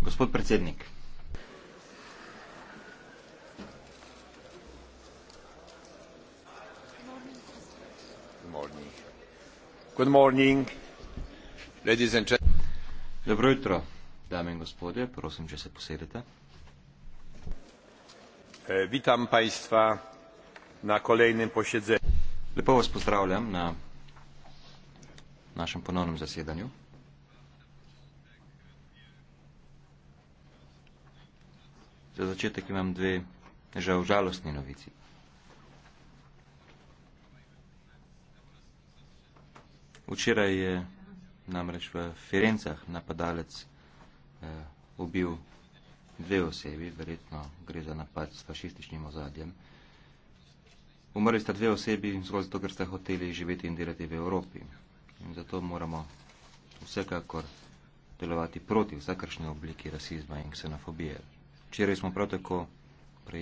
gospod predsednik dobro jutro dame in gospodje prosim če se posedete e, lepo vas pozdravljam na našem ponovnem zasedanju Za začetek imam dve žal žalostni novici. Včeraj je namreč v Firencah napadalec eh, ubil dve osebi, verjetno gre za napad s fašističnim ozadjem. Umrli sta dve osebi zgolj zato, ker sta hoteli živeti in delati v Evropi. In zato moramo vsekakor delovati proti vsakršne obliki rasizma in ksenofobije. Včeraj smo prav tako prejeli.